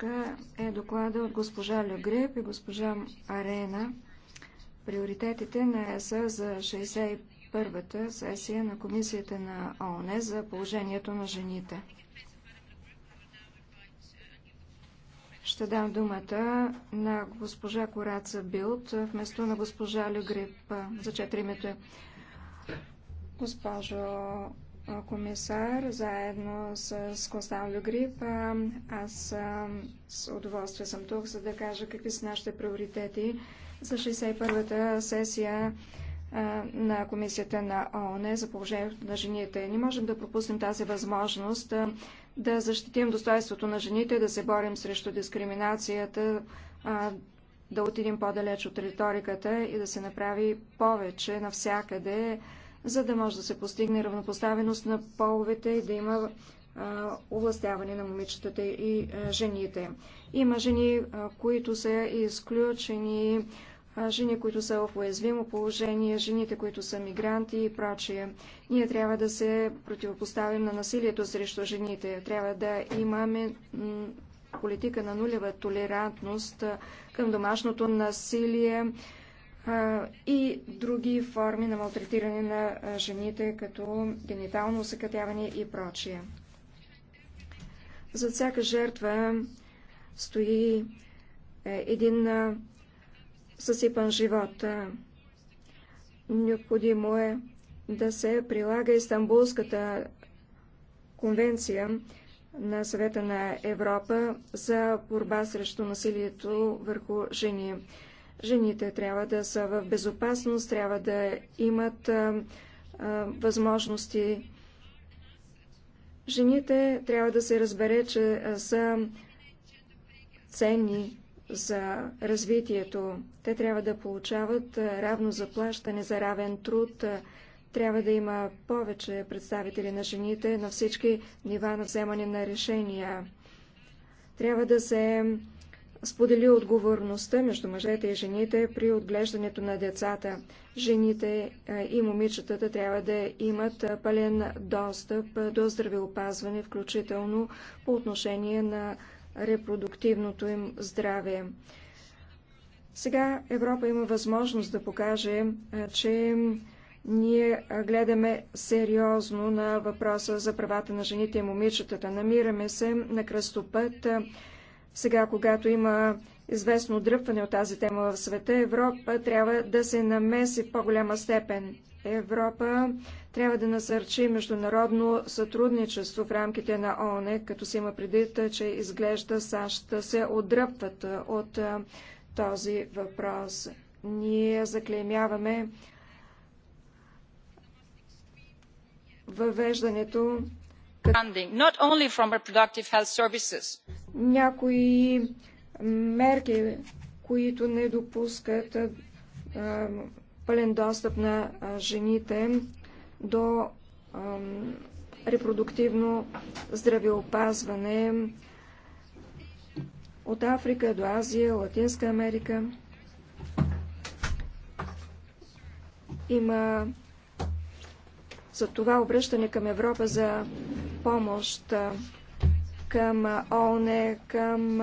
точка е доклада от госпожа Легреб и госпожа Арена. Приоритетите на ЕСА за 61-та сесия на Комисията на ООН за положението на жените. Ще дам думата на госпожа Кораца Билт вместо на госпожа Легреб за 4 името. Госпожо комисар, заедно с Костан Люгрип. Аз с удоволствие съм тук, за да кажа какви са нашите приоритети за 61-та сесия на Комисията на ООН за положението на жените. Не можем да пропуснем тази възможност да защитим достоинството на жените, да се борим срещу дискриминацията, да отидем по-далеч от риториката и да се направи повече навсякъде за да може да се постигне равнопоставеност на половете и да има овластяване на момичетата и жените. Има жени, които са изключени, жени, които са в уязвимо положение, жените, които са мигранти и прочие. Ние трябва да се противопоставим на насилието срещу жените. Трябва да имаме политика на нулева толерантност към домашното насилие, и други форми на малтретиране на жените, като генитално усъкътяване и прочие. За всяка жертва стои е, един съсипан живот. Необходимо е да се прилага Истанбулската конвенция на Съвета на Европа за борба срещу насилието върху жени. Жените трябва да са в безопасност, трябва да имат а, а, възможности. Жените трябва да се разбере, че са ценни за развитието. Те трябва да получават равно заплащане за равен труд. Трябва да има повече представители на жените на всички нива на вземане на решения. Трябва да се сподели отговорността между мъжете и жените при отглеждането на децата. Жените е, и момичетата трябва да имат е, пълен достъп е, до здравеопазване, включително по отношение на репродуктивното им здраве. Сега Европа има възможност да покаже, че ние гледаме сериозно на въпроса за правата на жените и момичетата. Намираме се на кръстопът сега, когато има известно дръпване от тази тема в света, Европа трябва да се намеси в по-голяма степен. Европа трябва да насърчи международно сътрудничество в рамките на ООН, като се има предвид, че изглежда САЩ се отдръпват от този въпрос. Ние заклеймяваме въвеждането някои мерки, които не допускат пълен достъп на жените до репродуктивно здравеопазване от Африка до Азия, Латинска Америка. Има за това обръщане към Европа за помощ към ООН, към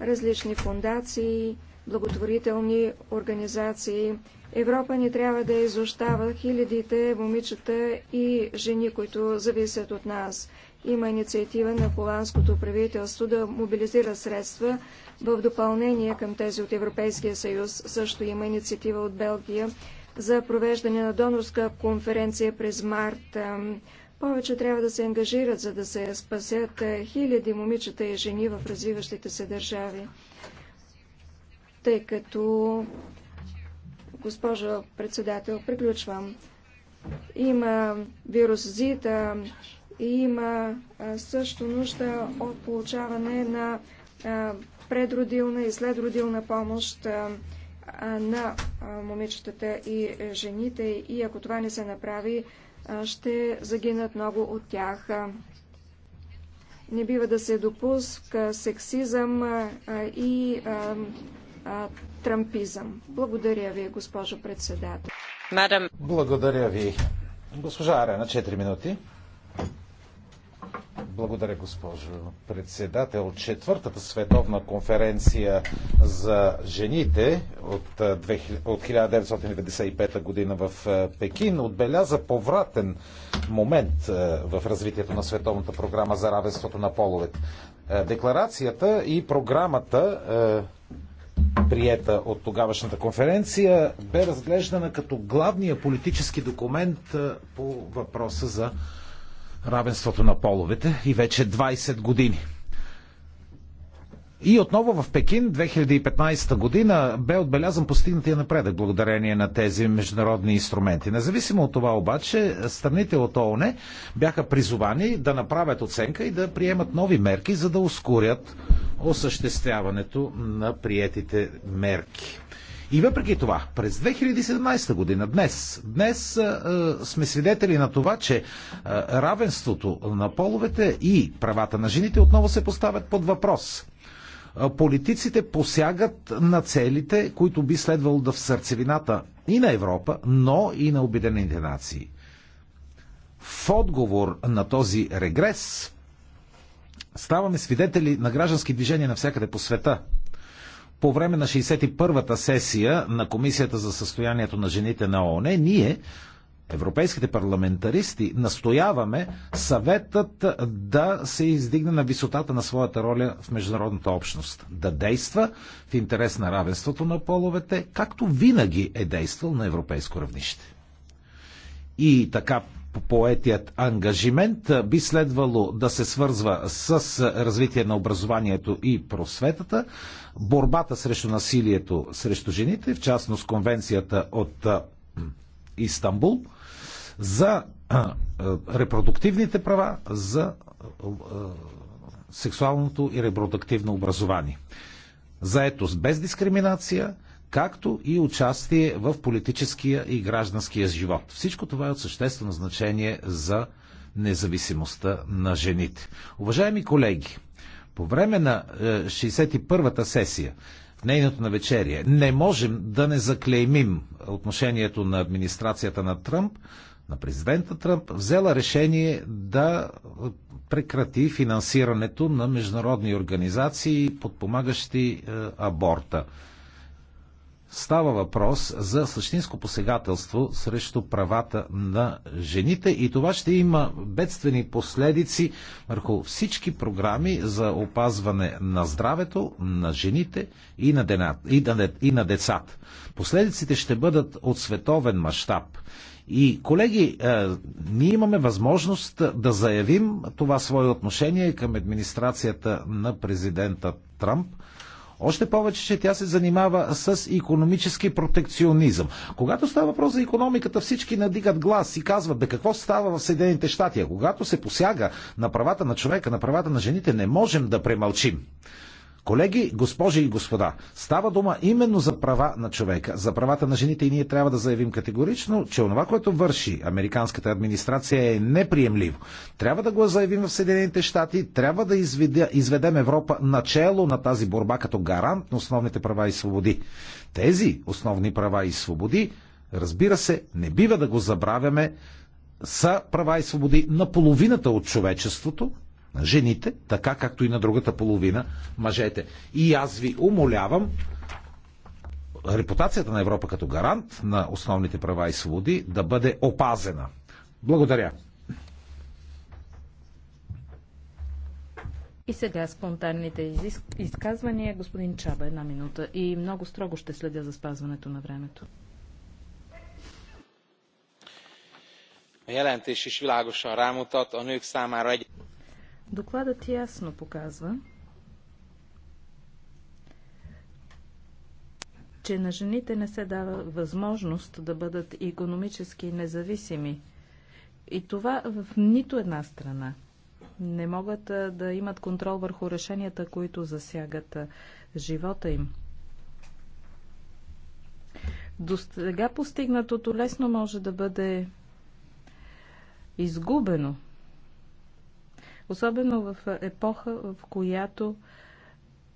различни фундации, благотворителни организации. Европа ни трябва да изощава хилядите момичета и жени, които зависят от нас. Има инициатива на холандското правителство да мобилизира средства в допълнение към тези от Европейския съюз. Също има инициатива от Белгия за провеждане на донорска конференция през март повече трябва да се ангажират, за да се спасят е, хиляди момичета и жени в развиващите се държави. Тъй като, госпожо председател, приключвам. Има вирус Зита и има също нужда от получаване на предродилна и следродилна помощ на момичетата и жените и ако това не се направи, ще загинат много от тях. Не бива да се допуска сексизъм и трампизъм. Благодаря ви, госпожо председател. Благодаря ви. Госпожа Арена, 4 минути. Благодаря, госпожо председател. Четвъртата световна конференция за жените от, 1995 година в Пекин отбеляза повратен момент в развитието на световната програма за равенството на половет. Декларацията и програмата приета от тогавашната конференция, бе разглеждана като главния политически документ по въпроса за равенството на половете и вече 20 години. И отново в Пекин 2015 година бе отбелязан постигнатия напредък благодарение на тези международни инструменти. Независимо от това обаче, страните от ООН бяха призовани да направят оценка и да приемат нови мерки, за да ускорят осъществяването на приетите мерки. И въпреки това, през 2017 година, днес, днес е, сме свидетели на това, че е, равенството на половете и правата на жените отново се поставят под въпрос. политиците посягат на целите, които би следвало да в сърцевината и на Европа, но и на Обединените нации. В отговор на този регрес ставаме свидетели на граждански движения навсякъде по света – по време на 61-та сесия на Комисията за състоянието на жените на ООН, ние, европейските парламентаристи, настояваме съветът да се издигне на висотата на своята роля в международната общност. Да действа в интерес на равенството на половете, както винаги е действал на европейско равнище. И така поетият ангажимент би следвало да се свързва с развитие на образованието и просветата, борбата срещу насилието срещу жените, в частност конвенцията от Истанбул, за репродуктивните права, за сексуалното и репродуктивно образование. Заетост без дискриминация – както и участие в политическия и гражданския живот. Всичко това е от съществено значение за независимостта на жените. Уважаеми колеги, по време на 61-та е, сесия, в нейното навечерие, не можем да не заклеймим отношението на администрацията на Тръмп, на президента Тръмп, взела решение да прекрати финансирането на международни организации, подпомагащи е, аборта. Става въпрос за същинско посегателство срещу правата на жените и това ще има бедствени последици върху всички програми за опазване на здравето на жените и на, денат, и на, и на децата. Последиците ще бъдат от световен мащаб. И, колеги, е, ние имаме възможност да заявим това свое отношение към администрацията на президента Трамп още повече, че тя се занимава с економически протекционизъм. Когато става въпрос за економиката, всички надигат глас и казват, да какво става в Съединените щати. А когато се посяга на правата на човека, на правата на жените, не можем да премълчим. Колеги, госпожи и господа, става дума именно за права на човека, за правата на жените и ние трябва да заявим категорично, че онова, което върши американската администрация е неприемливо. Трябва да го заявим в Съединените щати, трябва да изведем Европа начало на тази борба като гарант на основните права и свободи. Тези основни права и свободи, разбира се, не бива да го забравяме, са права и свободи на половината от човечеството, на жените, така както и на другата половина мъжете. И аз ви умолявам репутацията на Европа като гарант на основните права и свободи да бъде опазена. Благодаря. И сега спонтанните изис... изказвания. Господин Чаба, една минута. И много строго ще следя за спазването на времето. A jelentés is világosan rámutat a nők számára egy... Докладът ясно показва, че на жените не се дава възможност да бъдат економически независими. И това в нито една страна. Не могат да имат контрол върху решенията, които засягат живота им. До сега постигнатото лесно може да бъде изгубено Особено в епоха, в която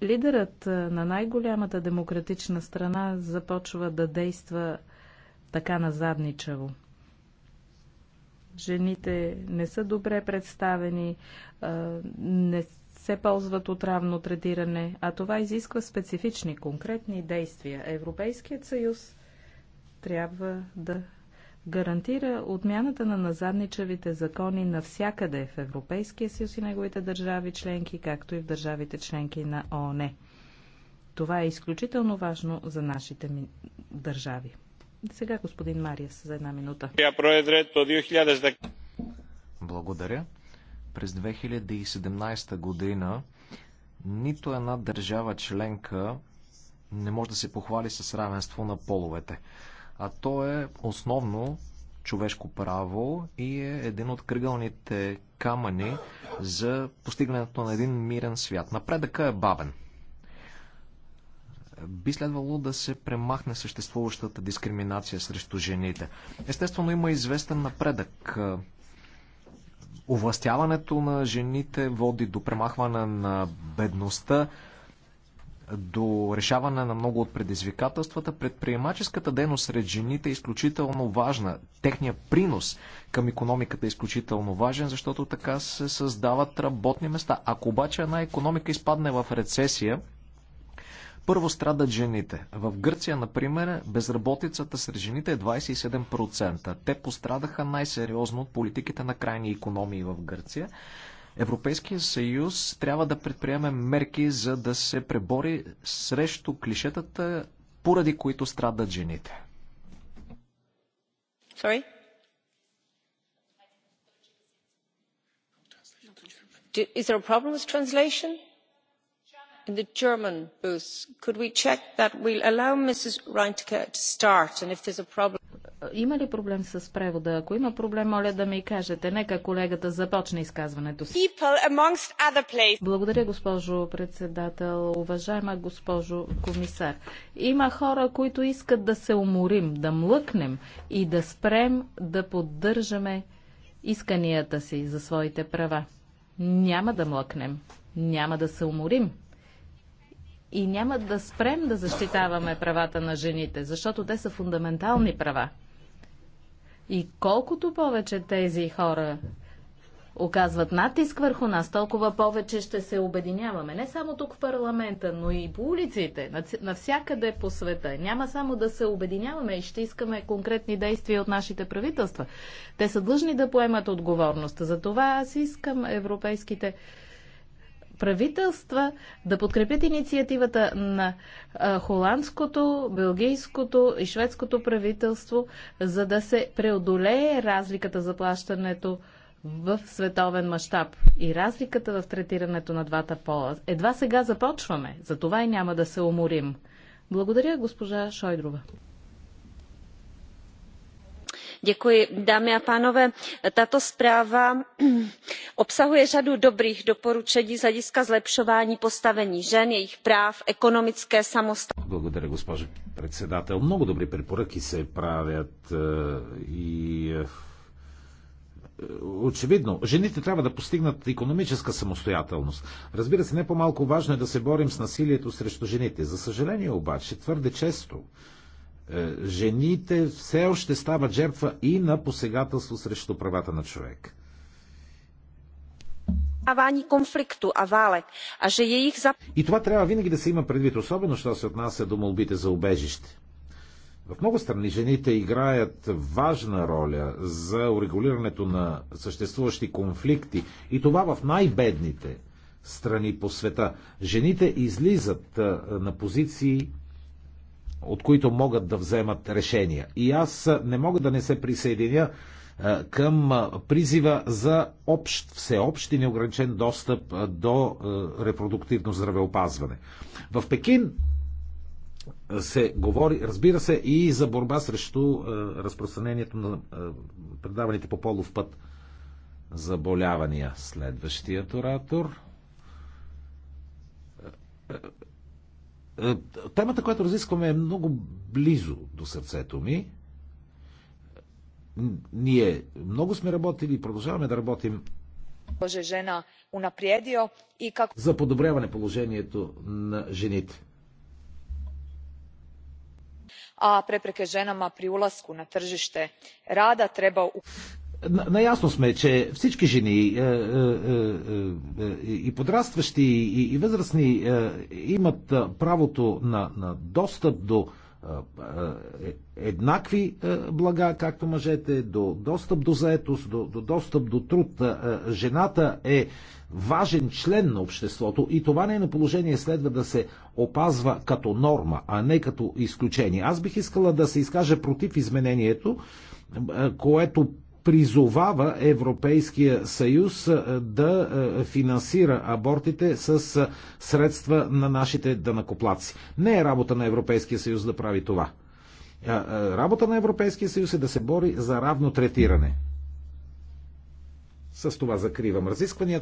лидерът на най-голямата демократична страна започва да действа така назадничаво. Жените не са добре представени, не се ползват от равно третиране, а това изисква специфични, конкретни действия. Европейският съюз трябва да гарантира отмяната на назадничавите закони навсякъде в Европейския съюз и неговите държави членки, както и в държавите членки на ООН. Това е изключително важно за нашите ми... държави. Сега господин Мариас за една минута. Благодаря. През 2017 година нито една държава членка не може да се похвали с равенство на половете а то е основно човешко право и е един от кръгълните камъни за постигането на един мирен свят. Напредъка е бабен. Би следвало да се премахне съществуващата дискриминация срещу жените. Естествено има известен напредък. Овластяването на жените води до премахване на бедността, до решаване на много от предизвикателствата, предприемаческата дейност сред жените е изключително важна. Техният принос към економиката е изключително важен, защото така се създават работни места. Ако обаче една економика изпадне в рецесия, първо страдат жените. В Гърция, например, безработицата сред жените е 27%. Те пострадаха най-сериозно от политиките на крайни економии в Гърция. Европейския съюз трябва да предприеме мерки, за да се пребори срещу клишетата, поради които страдат жените. Sorry? Is there a problem with translation? in the german booth could we check that we'll allow Mrs. reintke to start and if there's a problem. Има ли проблем с превода? Ако има проблем, моля да ми кажете. Нека колегата започне изказването си. Благодаря, госпожо председател. Уважаема госпожо комисар. Има хора, които искат да се уморим, да млъкнем и да спрем да поддържаме исканията си за своите права. Няма да млъкнем. Няма да се уморим и няма да спрем да защитаваме правата на жените, защото те са фундаментални права. И колкото повече тези хора оказват натиск върху нас, толкова повече ще се обединяваме. Не само тук в парламента, но и по улиците, навсякъде по света. Няма само да се обединяваме и ще искаме конкретни действия от нашите правителства. Те са длъжни да поемат отговорност. За това аз искам европейските правителства да подкрепят инициативата на холандското, белгийското и шведското правителство, за да се преодолее разликата за плащането в световен мащаб и разликата в третирането на двата пола. Едва сега започваме, за това и няма да се уморим. Благодаря, госпожа Шойдрова dámy a pánové tato zpráva obsahuje řadu dobrých doporučení z hlediska zlepšování postavení žen jejich práv ekonomické samostatnosti. Е, е, очевидно, жените трябва да постигнат економическа самостоятелност. Разбира се, не по-малко важно е да се борим с насилието срещу жените. За съжаление обаче, твърде често е, жените все още стават жертва и на посегателство срещу правата на човек. Е и това трябва винаги да се има предвид, особено що се отнася до молбите за убежище. В много страни жените играят важна роля за урегулирането на съществуващи конфликти и това в най-бедните страни по света. Жените излизат е, на позиции от които могат да вземат решения. И аз не мога да не се присъединя към призива за общ, всеобщ и неограничен достъп до репродуктивно здравеопазване. В Пекин се говори, разбира се, и за борба срещу разпространението на предаваните по полов път заболявания. Следващият оратор е, темата, която разискваме, е много близо до сърцето ми. Ние много сме работили и продължаваме да работим за подобряване положението на жените. А препреке ženama при уласку на тържище рада треба... Наясно сме, че всички жени е, е, е, е и подрастващи, и, и възрастни е, имат е, правото на, на достъп до еднакви блага, както мъжете, до достъп до заетост, до, до достъп до труд. Жената е важен член на обществото и това нейно положение следва да се опазва като норма, а не като изключение. Аз бих искала да се изкажа против изменението, което призовава Европейския съюз да финансира абортите с средства на нашите данакоплаци. Не е работа на Европейския съюз да прави това. Работа на Европейския съюз е да се бори за равно третиране. С това закривам разискванията.